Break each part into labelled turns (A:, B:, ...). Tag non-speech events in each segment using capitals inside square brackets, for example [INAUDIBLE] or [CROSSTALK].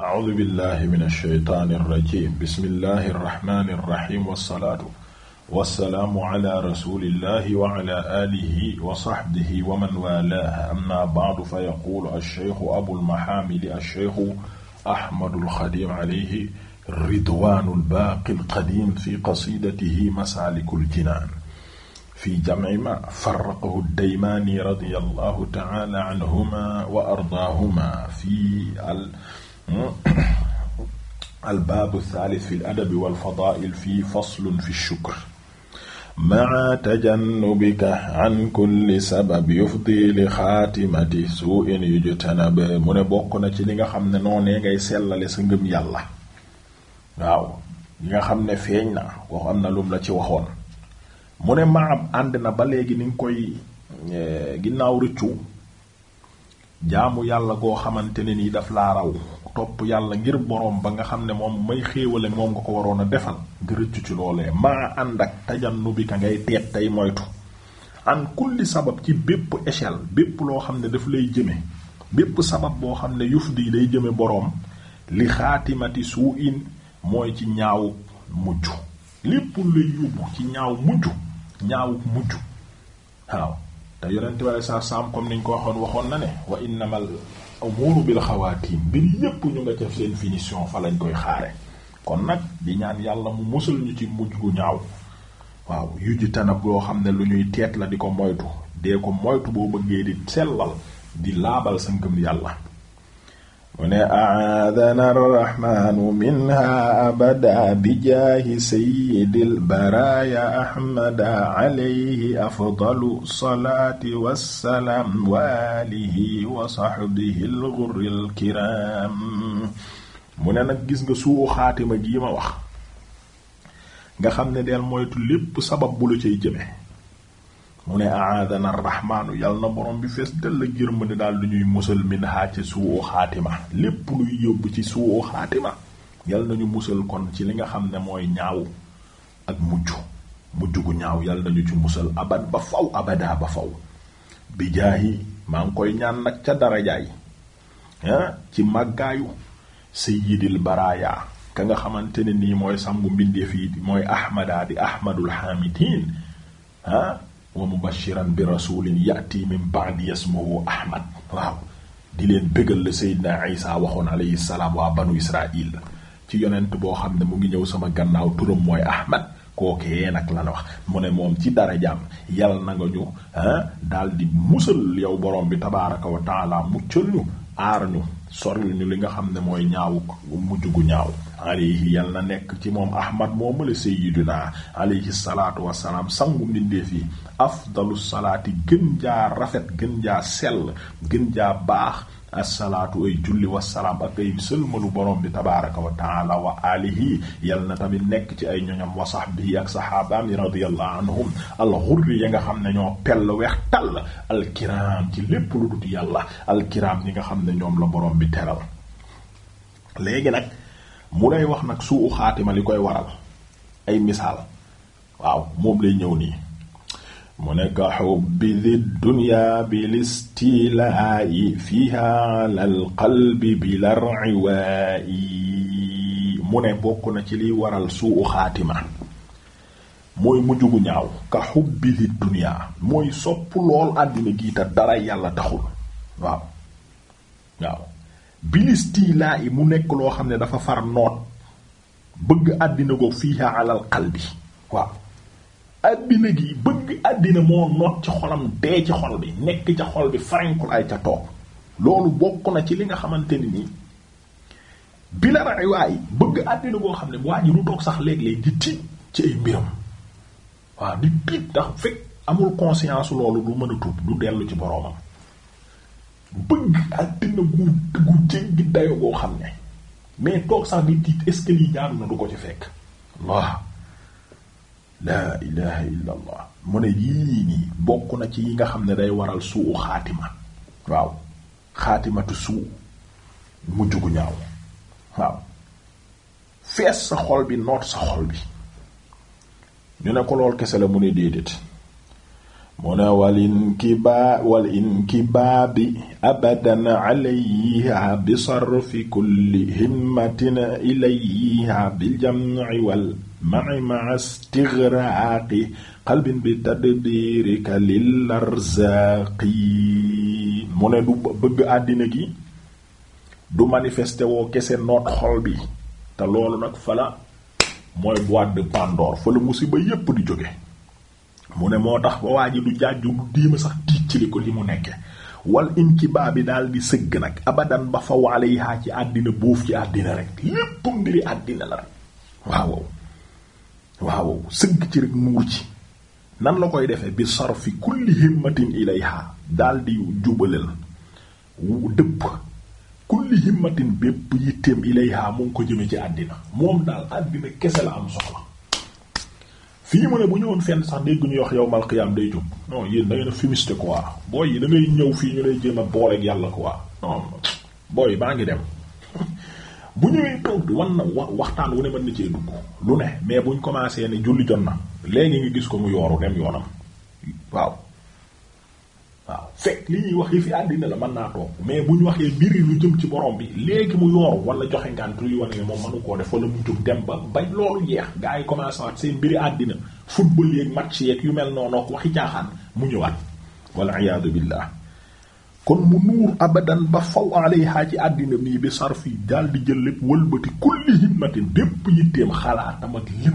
A: a'uudu billahi min alsheytaani irrajim bismillahi irrahmani irrahim wassalaatu wassalaamu ala rasulillahi wa ala aalihi wa sahbihi wa man waalaahu amma ba'du fa yaquulu alsheykhu abul mahaamili alsheykhu ahmadul xadiim alayhi ridwaanul baaqil qadiim fi qasiidatihi masaalikul jinaan fi jamci ma faraqahu daymaani radiyallahu ta'ala anhumaa wa ardaahuma fi al [COUGHS] albaabu thaalith fi ladabi walfadail fi faslun fi shukr maa tajannubika an kulli sabab yufdi li xaatimati su'in yujtanab mu ne bokk na ci li nga xam ne noonee ngay sellale sa ngëm yàlla waaw li nga xam ne feeñ na wax am na lum la ci waxoon mu ne maam ànd na ba léegi ni nga koy eh, ginnaaw rëccu jaamu yàlla goo xamante ne nii daf laa raw topp yàlla ngir boroom ba nga xam ne moom may xéewale moom nga ko waroon a defal nga ci loolee maa ànd ak tajannu bi ka ngay teet tey moytu an kulli sabab ci bépp échelle bépp loo xam ne daf lay jëme bépp sabab boo xam ne yuf di day jëme boroom li xaatimati suu in mooy ci ñaawu mujj lépp lay yóbbu ci ñaaw mujj ñaawu mujj waaw te yonent bi saa saam comme niñ ko waxoon waxoon na ne wa innamal umuuru bil xawaatim mbir yépp ñu nga def seen finition fa lañ koy xaare kon nag di ñaan yàlla mu musal ñu ci mujj gu ñaaw waaw yu ji tanab yoo xam ne lu ñuy teet la di ko moytu dee ko moytu boo bëggee di sellal di laabal sa ngëm yàlla mu ne aadana arrahmanu minha abada bijaahi sayyidil baraya ahmada alayhi afdalu salaati wassalaam wa alihi wa sahbihi lghurri lkiram mu ne nag gis nga suu xaatima gii ma wax nga xam ne del moytu lépp sabab bu la cay jëme mu ne aadana rahmaanu yàlla na borom bi fees dëll ak yërmande daal du ñuy musal min haa ci suu xaatima lépp luy yóbbu ci suu xaatima yàlla nañu musal kon ci li nga xam ne mooy ñaaw ak mujj mujj gu ñaaw yàlla nañu ci musal abad ba faw abada ba faw bi maa ngi koy ñaan nag ca darajaay ah ci màggaayu sayyidil baraaya ka nga xamante ne nii mooy sangu mbindeef yi mooy ahmada di ahmadul hamidin ah wa mubashiran bi rasulin yati min ba'di ismuhu ahmad waaw di leen bégal la Seydina Isa waxoon alayhi salaam waa banu ci yonent boo xam ne mu ngi ñëw sama gannaaw turam mooy ahmad kookee nag la wax mu ne moom ci darajaam yàlla na nga ñu ah daal di musal yow borom bi tabaraka wa taala muccal aar ñu soril li nga xam ne mooy ñaawu mujj gu ñaaw alayhi yal na nekk ci moom ahmad moomu la sayyiduna alayhi salaatu wassalaam sangu mbindeef yi afdalu salaati gën jaa rafet gën jaa sell gën jaa baax assalaatu ay julli wasalaam ak ay sëlmalu borom bi tabaraka wa taala wa alihi yal na tamit nekk ci ay ñoñam wa sahbihi ak sahabaami radiyallahu anhum alxurri ya nga xam ne ñoo pell weex tàll alkiram ci lépp lu dut yàlla alkiram ñi nga xam ne ñoom la borom bi teral léegi nag mu lay wax nag suu xaatima li koy waral ay misaal waaw moom lay ñëw nii mu ne ka xubbi di dunya bilistilaayi fiha bokk na ci liy waral suu xaatima mooy mujj gu mooy sopp lool àddina gii te yàlla taxul waaw waaw mu nekk loo xam ne dafa far noot bëgg àddina goog fiha alal qalbi waaw addina gi bëgg addina moo noot ci xolam dee ci xol bi nekk ca xol bi farankul ay ca toog loolu bokk na ci li nga xamante ni nii bi la raay waay bëgg addina goo xam ne waa ji lu toog sax léeg-léeg di ci ay mbiram waa di tiit ndax fekk amul conscience loolu du mën a tuub du dellu ci boroomam bëgg addina gu gu jéggi dayo boo xam ne mais toog sax bi tiit est-ce na du ko ci fekk waaw laa ilaha illa mu ne yii nii bokk na ci yi nga xam ne day waral suu xaatima waaw xaatimatu suu mujj gu ñaaw waaw fees sa xol bi noot sa xol bi ñu ne ko lool kese la mu ne déedéet mu ne wal inkibaa wal inkibaabi abadan bi sarfi kulli himmatin ilayha bil jam'i wal ma'i ma'a istighraqi qalbin bi tadbirika lil arzaqi mu ne du bëgg àddina gi du manifesté woo kese noot xol bi te loolu nag fala mooy boîte de Pandore fa la musiba yépp di jóge mu ne moo tax ba waa ji du jàjju du diima sax tiit ci li ko li mu nekke wal inkibaa bi daal di sëgg nag abadan ba fa waale yi ci àddina buuf ci àddina rek lépp mbiri àddina la rek waaw waaw sëgg ci rek muur ci nan la koy defee bi sarfi kulli himmatin ilayha di jubaleel dëpp kulli himmatin bépp yitteem ilayha mu ngi ko jëme ci àddina moom daal àddina kese la am soxla fii mu ne bu ñëwoon fenn sax dégg ñuy wax yawmal qiyaam day jóg non yéen da ngeen a fumiste quoi booy yi da ñëw fii ñu lay jéem a booleeg yàlla quoi non booy maa ngi dem bu ñëwee toog wan na waxtaan wu ne mën na cee dugg lu ne mais buñ commencé ne julli jot na léegi nga gis ko mu yooru dem yoonam waaw waaw fekk li ñuy wax yi fi àddina la mën naa toog mais bu ñu waxee mbir yi lu jëm ci borom bi léegi mu yooru wala joxe ngànt lu wane ne moom mënu koo def wala mu jug dem ba ba loolu jeex gaa yi commencé waat seen mbiri àddina football yeeg match yeeg yu mel noonu ak waxi caaxaan mu ñëwaat wal iyaadu billah kon mu nuur abadan ba faw alayha ci àddina mii bi sarfi dal di jël lépp wëlbati kulli himmatin bépp yitteem xalaatam ak lépp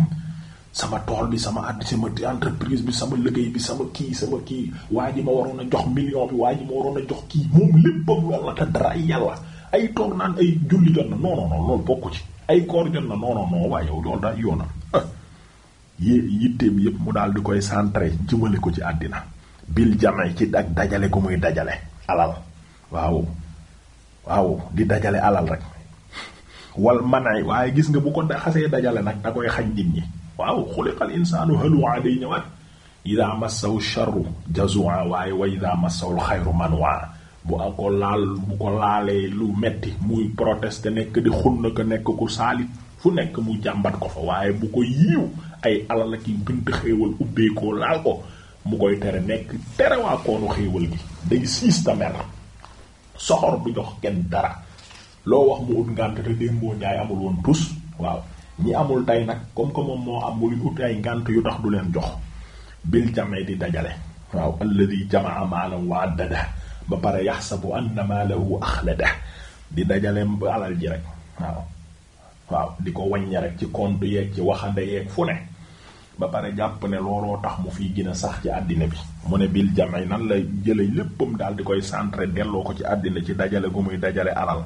A: sama tool bi sama àdd sama entreprise bi sama liggéey bi sama kii sama kii waa ji ma waroon a jox million bi waa ji ma waroon a jox kii moom léppam lool la te dara ay yàlla ay toog naan ay julli jot na non non non ci ay koor jot na non non non waaye yow loolu daal yoonal ah. yé yitteem yépp mu daal di koy centré jëmale ko ci àddina bil jamee ci ak dajale ko muy dajale alal waaw waaw di dajale alal rek wal manay waaye gis nga bu ko xasee dajale nag da koy xañ nit ñi waaw xuliqal insaanu halua day ñëwaat ida massawu sharru jazua waaye wa ida massawul xayru manwa bu ak ko laal bu ko laalee lu metti muy protester nekk di xunna ko nekk ku saalit fu nekk mu jàmbat ko fa waaye bu ko yiiw ay alal ak yi gënt xéewal ubbeekoo laal ko mu koy tere nekk tere waa koonu xéewal gi day siis ta mer du jox kenn dara loo wax mu ut ngànt te démboo njaay amul woon tus waaw ñi amul tey nag comme que moom moo am muy ut ay ngànt yu tax du leen jox bil jamee di dajale waaw alladi jamaa maalan wa addada ba pare yaxsabu anna maalahu axlada di dajale alal ji rek waaw waaw di ko wàññi rek ci compte yeeg ci waxande yeeg fu ne ba pare jàpp ne looloo tax mu fiy gën sax ci àddina bi mu ne bil jamay nan la jële léppam daal di koy centre delloo ko ci àddina ci dajale gu muy dajale alal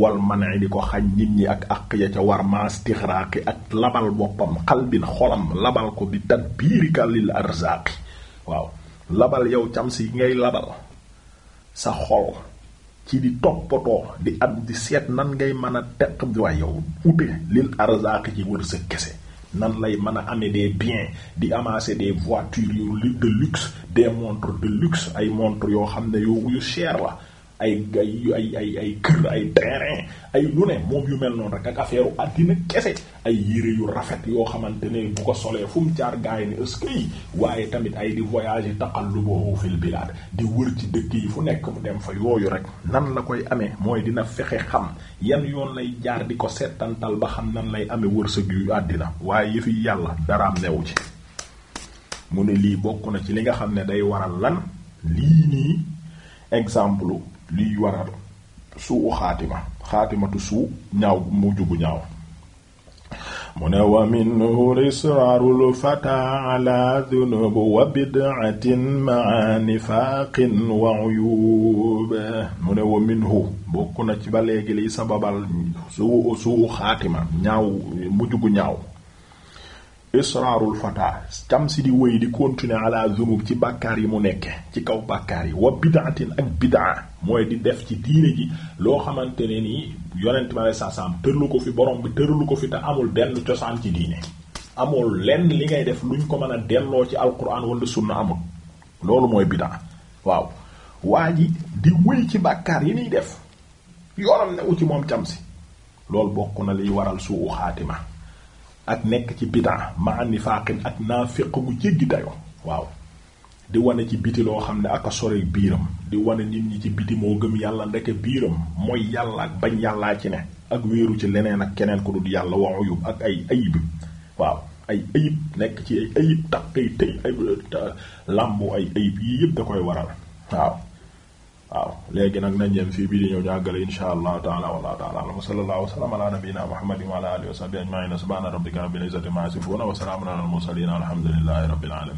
A: wal man'i di ko xañ nit ñi ak àq ya ca war maastixraaqi ak labal boppam xal bi xalbin xolam labal ko bi tadbiirika lil arzaaqi waaw labal yow cams yi ngay labal sa xol ci di toppatoo di am di seet nan ngay mën a teq waaye yow ute lil arzaaqi ci wër sa kese nan lay mën a amee des biens di amasser des voitures yu de luxe des montres de luxe ay montres yoo xam ne yu yu cher la ay ay ay ay ay kër ay lu ne moom yu mel noonu rek ak affaire àddina kese ay yére yu rafet yoo xamante ne bu ko solee fu mu caar gaay ne est yi waaye tamit ay di voyage taqallubuhu fil bilad di wër ci dëkk yi fu nekk mu dem fa yooyu rek nan la koy amee mooy dina fexe xam yan yoon lay jaar di ko settantal ba xam nan lay amee wërsëg yu àddina waaye yëfi yàlla am newu ci mu ne lii bokk na ci li nga xam ne day waral lan lii nii exemple liy waral suu xaatima xaatimatu suu ñaaw mu jugu ñaaw mu ne wa minhu israarul fata ala dunub wa bid'atin ma'a nifaaqin wa uyub mu ne wa minhu bokk na ci ba léegi liy sababal suu suu xaatima ñaaw mujj gu ñaaw israarul fata cam si di wéy di continuer ala zunub ci bàkkaar yi mu nekke ci kaw bàkkaar yi wa bidaatin ak bidaa mooy di def ci diine ji loo xamante ne nii yonent ma lay saasaam tërlu ko fi borom bi tërlu ko fi te amul benn cosaan ci diine amul lenn li ngay def luñ ko mën a delloo ci alquran wala sunna amul loolu mooy bidaa waaw waa ji di wéy ci bàkkaar yi niy def yoonam ne u ci moom cam si loolu bokk na liy waral suu xaatima ak nekk ci bid'a ma nifaaqin ak naafiq gu jéggi dayoo waaw di wane ci biti loo xam ne ak a biiram di wane nit ñi ci biti moo gëm yàlla ndeke biiram mooy yàlla ak bañ yàllaa ci ne ak wéeru ci leneen ak keneen ku dul yàlla wa uyub ak ay ayib waaw ay ayib nekk ci ay ayib taq ay tëy ay làmbu ay ayib yii yëpp da koy waral waaw waaw léegi nag nañ yem fii bii di ñëw ñu àggale insha allahu taala wallahu taala alam wa sallallahu wa sallam ala nabiyyina muhammadin wa ala alihi wa sahbihi ajma'in subhana rabbika rabbil izzati ma yasifun wa salamun ala al mursalin alhamdulillahi rabbil alamin